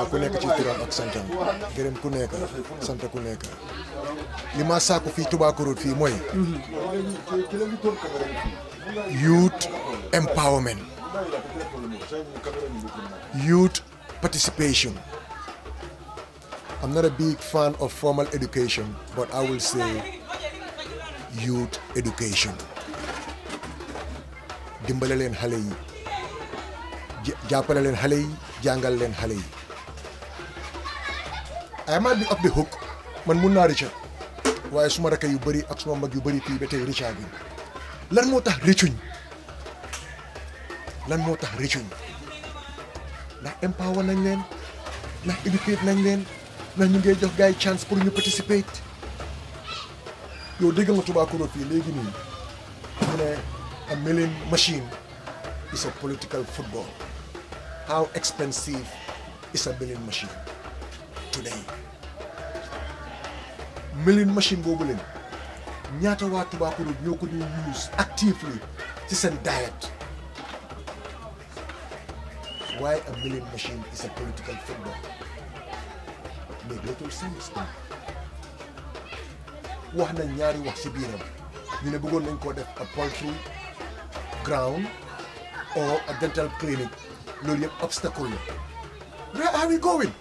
naa ku nekk ci turam ku sant ku nekk li fii Toubacourot fii mooy youth empowerment youth participation I'm not a big fan of formal education but I will say youth education dimbale leen xale yi jàppale leen xale yi jàngal leen xale yi I might be off the hook man mun naa rëcca waaye suma rakk yu bari ak suma mag yu bëri fii ba tey rëccaa bi lan moo tax rëccuñ lan moo tax rëccuñ ndax empower nañ leen ndax educate nañ leen ndax ñu ngey jox gars yi chance pour ñu participate yow dégg nga Tubakoro fii léegi nii mu ne a milling machine is a political football how expensive is a milling machine today milling machine boobu leen ñaata waa Tubaakudu ñoo ko di use actively ci seen diet waaye a milling machine is a political football make little sense tam wax nañ ñaari wax ci biiram ñu ne bëggoon nañ koo def a poultry ground or a dental clinic loolu yëpp obstacle la where are we going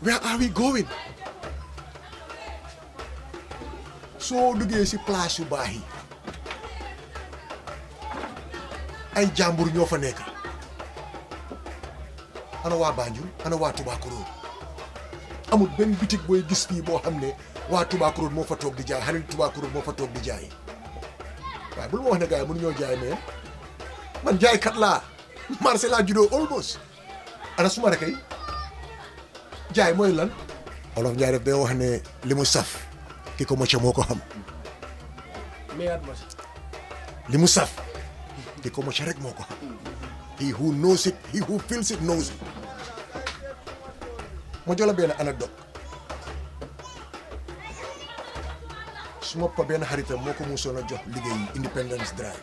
where are we going soo duggee si place yu baax yi ay jàmbur ñoo fa nekk ana waa Banjul ana waa Tubaakuroon amul benn bitig booy gis fii boo xam ne waa Tubaakuroon moo fa toog di jaay xale Tubaakuroon moo fa toog di jaay waaye bul ma wax ne gars ñoo jaay mais man jaaykat laa marché laa juddoo almost ana suma rekk jaay mooy lan olof Njaay def day wax ne li mu saf ki ko mocce moo ko xam li mu saf ki ko mocce rek moo ko xam he who knows benn anecdote su ma pa benn xaritam moo ko musoon a jox liggéey Independence Drive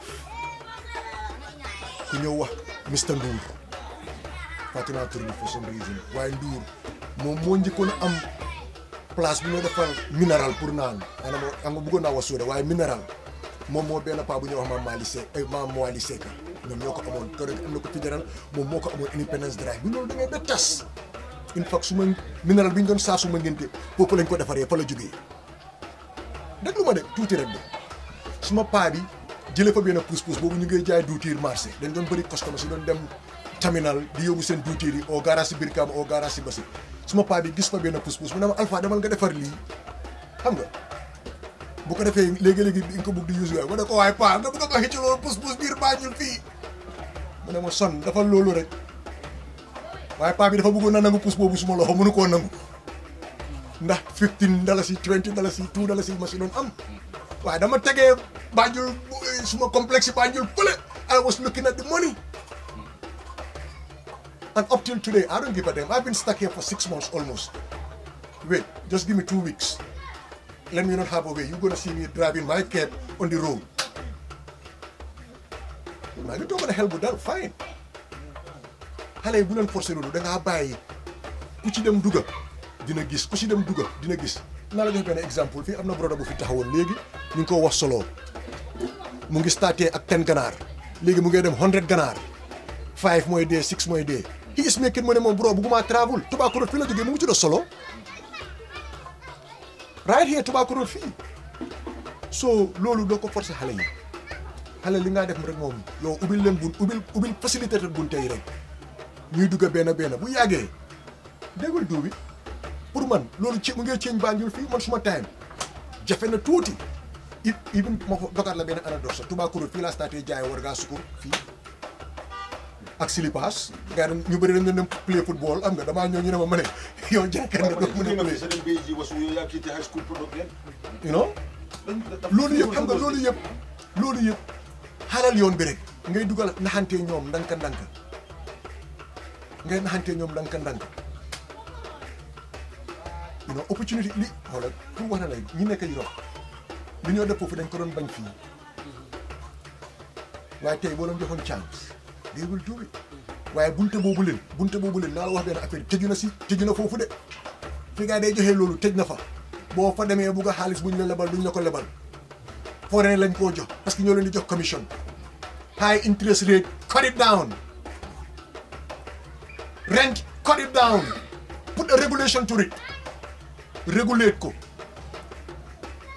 ku ñëw wax Mr Ndour Fatima Touré bi for waaye Ndour moom moo njëkkoon a am place bu ñoo defal minéral pour naan maanaam xam nga bëggoon naa wax suuda waaye minéral moom moo benn paa bu ñuy wax maam Mali Seck maam Mali Seck ñoom ñoo ko amoon keroog am na ko fédéral moom moo ko amoon Independence Drive bi loolu da ngay ba tas une fois su ma minéral bi ñu doon saa su ma ngénte foofu lañ ko defaree fa la jógee déglu ma tuuti rek de suma paa bi jëlee fa benn pousse-pousse boobu ñu ngay jaay duutiir marché dañ doon bëri customer si doon dem terminal di yóbbu seen duutiir yi au garage si Birkama au garage si Basi suma paa bi gis fa benn pousse-pousse mu ne ma Alpha demal nga defar lii xam nga bu ko defee léegi-léegi di nga ko bëgg di use waaye ma ne ko waaye paa nga bëgg a ne ma son dafa loolu rek waaye paa bi dafa bëggoon na nangu pousse boobu suma loxo mënu koo nangu ndax 15 dalasi 20 dalasi 2 dalasi ma si doon am waaye dama tegee Banjul suma complexe Banjul fële I was looking at di money And up till today, I don't give a damn. I've been stuck here for six months almost. Wait, just give me two weeks. Let me not have a way. You're gonna see me driving my cab on the road. Now you don't want to help with that, fine. xale yi bu leen forcé loolu da ngaa bàyyi ku ci dem duga dina gis ku ci dem duga dina gis naa la jox benn exemple fii am na bu fi taxawoon léegi ñu ngi ko wax solo mu ngi starté ak ten ganar. léegi mu ngi dem hundred ganar. five mooy dee six mooy dee he is making ne moom bro bugguma travel Tobacco Road fii la jógee mu ngi tudd solo right here Tobacco fii so loolu doo ko forcer xale yi xale li ngaa def rek moom yow ubbil leen bun ubbil ubbil facilitateur bun tey rek ñuy dugg benn benn bu yàggee déggul duubi pour man loolu ci mu ngi ceeñ Banjul fii man suma time jafe na tuuti even ma ko dogaat la benn anador sa Tobacco fii laa startee jaay war ngaa sukur fii ak silipas nga ñu bari dañu dem play football am nga dama ñoo ñu dama mané yo jàkkan nga do mëna play sa dem bay ji wasu yow yaa ci high school problem you know lolu yëpp xam nga lolu yëpp lolu yëpp halal yoon bi rek ngay duggal naxante ñoom ndanka ndanka ngay naxante ñoom ndanka ndanka you know opportunity li xoolal ku wax na lay ñi nekk Europe li ñoo def fu dañ ko doon bañ fi waaye tey boo doon joxoon chance déegul juubi waaye bunte boobu leen bunte boobu leen naa la wax benn affaire tëju na si tëju na foofu de fi nga day joxee loolu tëj na fa boo fa demee bugg a xaalis buñ la lebal duñ la ko lebal foreign lañ koo jox parce que ñoo leen di jox commission high interest rate cut it down rent cut it down put a regulation to it ko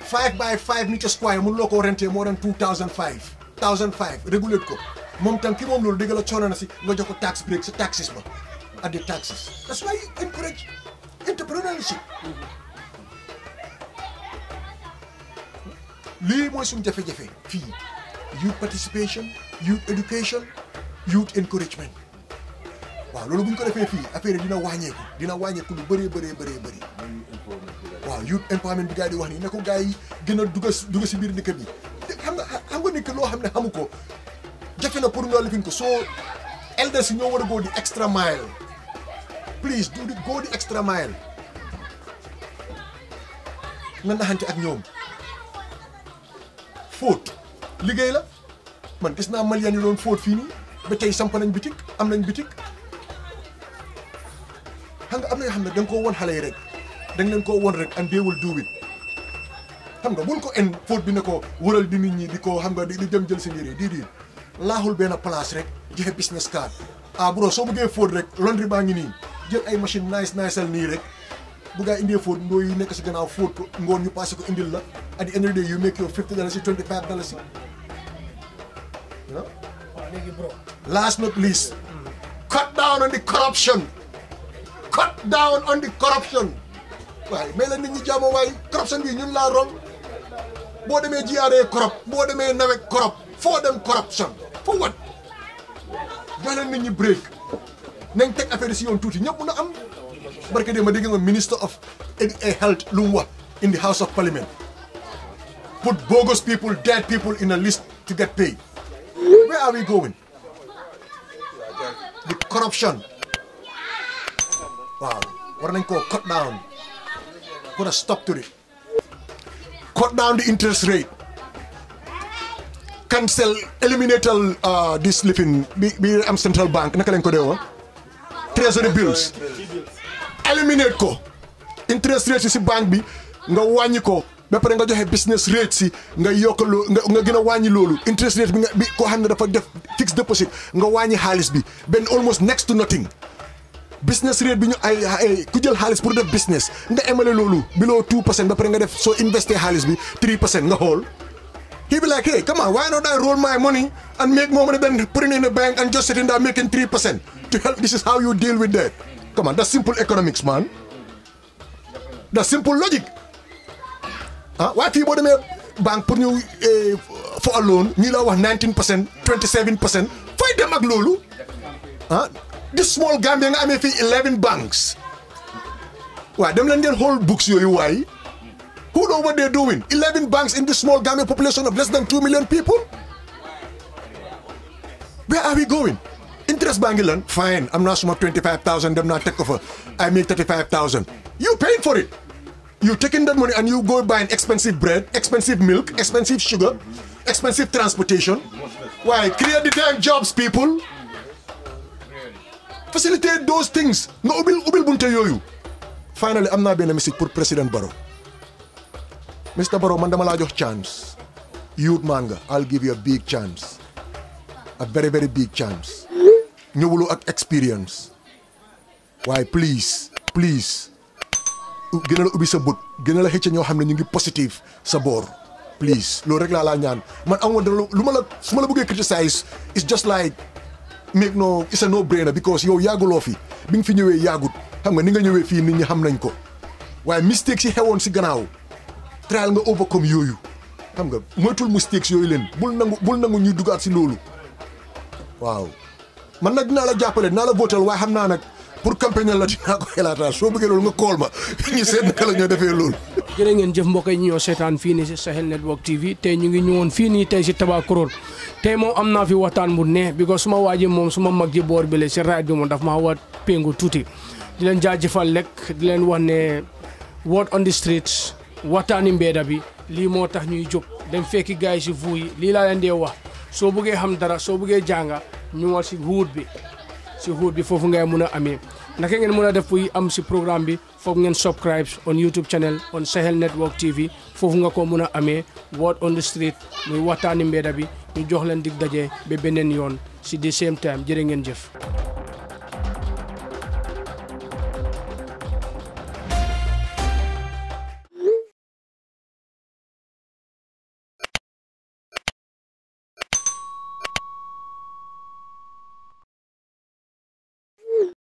five by five meter square mun loo ko rentee more than two thousand five thousand five régulate ko moom tam ki moom loolu dëgg la coono na si nga jox ko tax break si taxes ma at the taxes that's why you encourage entrepreneurship lii mooy suñu jafe-jafe fii youth participation youth education youth encouragement waaw loolu bu ñu ko defee fii affaire dina wàññeeku dina wàññeeku lu bëree bëree bëree bëri waaw youth empowerment bi gars di wax nii ne ko gars yi gën a dugg si dugg si biir dëkk bi xam nga xam nga nit loo xam ne xamu ko jafe na pour nga lifin ko so elders yi ñoo war a go di extra mile please do di go di extra mile nga naxante ak ñoom fóot liggéey la man gis naa malien yi doon fóot fii nii ba tey samp nañ bitik am nañ bitik xam nga am na yoo xam ne da koo won xale yi rek da nga leen koo won rek and they will do xam nga bul ko en fóot bi ne ko wëral di nit ñi di ko xam nga di jëm jël si mbir yi di lahul benn place rek joxe business card ah bro soo bëggee food rek laundry baa ngi nii jël ay machine nice nice nii rek bu gaa indee food ndoo yi nekk si gannaaw fóot ngoon ñu passé ko indil la at the end of the day you make your 50 dollars twenty five bro last not least cut down on the corruption cut down on the corruption waaye mais la nit ñi jàmm waay corruption bi ñun laa rom, boo demee jiyaaree corrupt boo demee nawet corrupt foo dem corruption for what jaaleen nit ñi break nañ teg affaire yi tuuti ñëpp mun a am barke de ma dégg nga minister of health lu mu wax in the house of parliament put bogus people dead people in a list to get paid where are we going the corruption waaw war nañ koo cut down put a stop to it cut down the interest rate cancel eliminatal di uh, slipping bi bi am central bank naka lañ ko dee woon treasury bills eliminate ko interest rate si banque bi nga wàññi ko ba pare nga joxe business rate si nga yokk loo nga gën a wàññi loolu interest rate bi nga bi koo xam ne dafa def fixed deposit nga wàññi xaalis bi benn almost next to nothing business rate bi ñu ay ay ku jël xaalis pour def business nga emale loolu below 2 percent ba pare nga def soo investé xaalis bi 3 percent nga xool. He'd be like, hey, come on, why don't I roll my money and make more money than putting in the bank and just sitting there making 3% to help? This is how you deal with that. Come on, that's simple economics, man. That's simple logic. Huh? Why people make bank put you uh, eh, for a loan, Nila was 19%, 27%. Fight them maglulu? Huh? This small Gambian, I'm 11 banks. Why? Them London hold books you, why? Who know what they're doing? 11 banks in this small Gambian population of less than 2 million people? Where are we going? Interest Bangalan, fine, I'm not sum 25,000, I'm not take over. I make 35,000. You paying for it. you taking that money and you go buy an expensive bread, expensive milk, expensive sugar, expensive transportation. Why? Create the damn jobs, people. Facilitate those things. No, ubil, ubil bunte yoyu. Finally, I'm not being a mistake for President Barrow. Mr. Barrow man dama la jox chance youth man nga I'll give you a big chance a very very big chance ñëwuloo ak experience Why please please Gëna la ubi sa bout, gëna la ño ñu ngi positive sa bor. please lo rek la la ñaan man amuma dara lu ma la suma la bëggé criticize it's just like make no it's a no brainer because yo yàgguloo fi bi nga fi ñëwé yagut xam nga ni nga ñëwé fi nit ñi xam nañ ko waye mistakes ci xewon si gannaaw tral nga overcome yooyu xam nga moytul mistakes yooyu leen bul nangu bul nangu ñuy dugaat si loolu waaw man nag dinaa la jàppale dinaa la bootal waaye xam naa nag pour campagne la dinaa ko xelaataa soo bëggee loolu nga kool ma ñu seet naka la ñoo defee loolu jërë ngeen jëf mbokk yi ñu ñoo seetaan fii ni si Sahel Network TV te ñu ngi ñëwoon fii nii tey si Tabakuroon tey moom am naa fi waxtaan bu ne because suma waaji moom su ma mag ji boor bi la si rajo bi daf ma xaw a péngu tuuti di leen jaajëfal lekk di leen wax ne word waxtaani mbeeda bi lii moo tax ñuy jóg dem fekki gars yi si vuu yi lii laa leen dee wax soo bëggee xam dara soo buggee jànga ñu ñëwal si huut bi si huut bi foofu ngay mun a amee naka ngeen mën a def buy am si programme bi foog ngeen subscribe on YouTube channel on Sahel Network TV foofu nga ko mun a amee word on the street muy waxtaani mbeeda bi ñu jox leen dig daje ba beneen yoon si the same time jërë ngeen jëf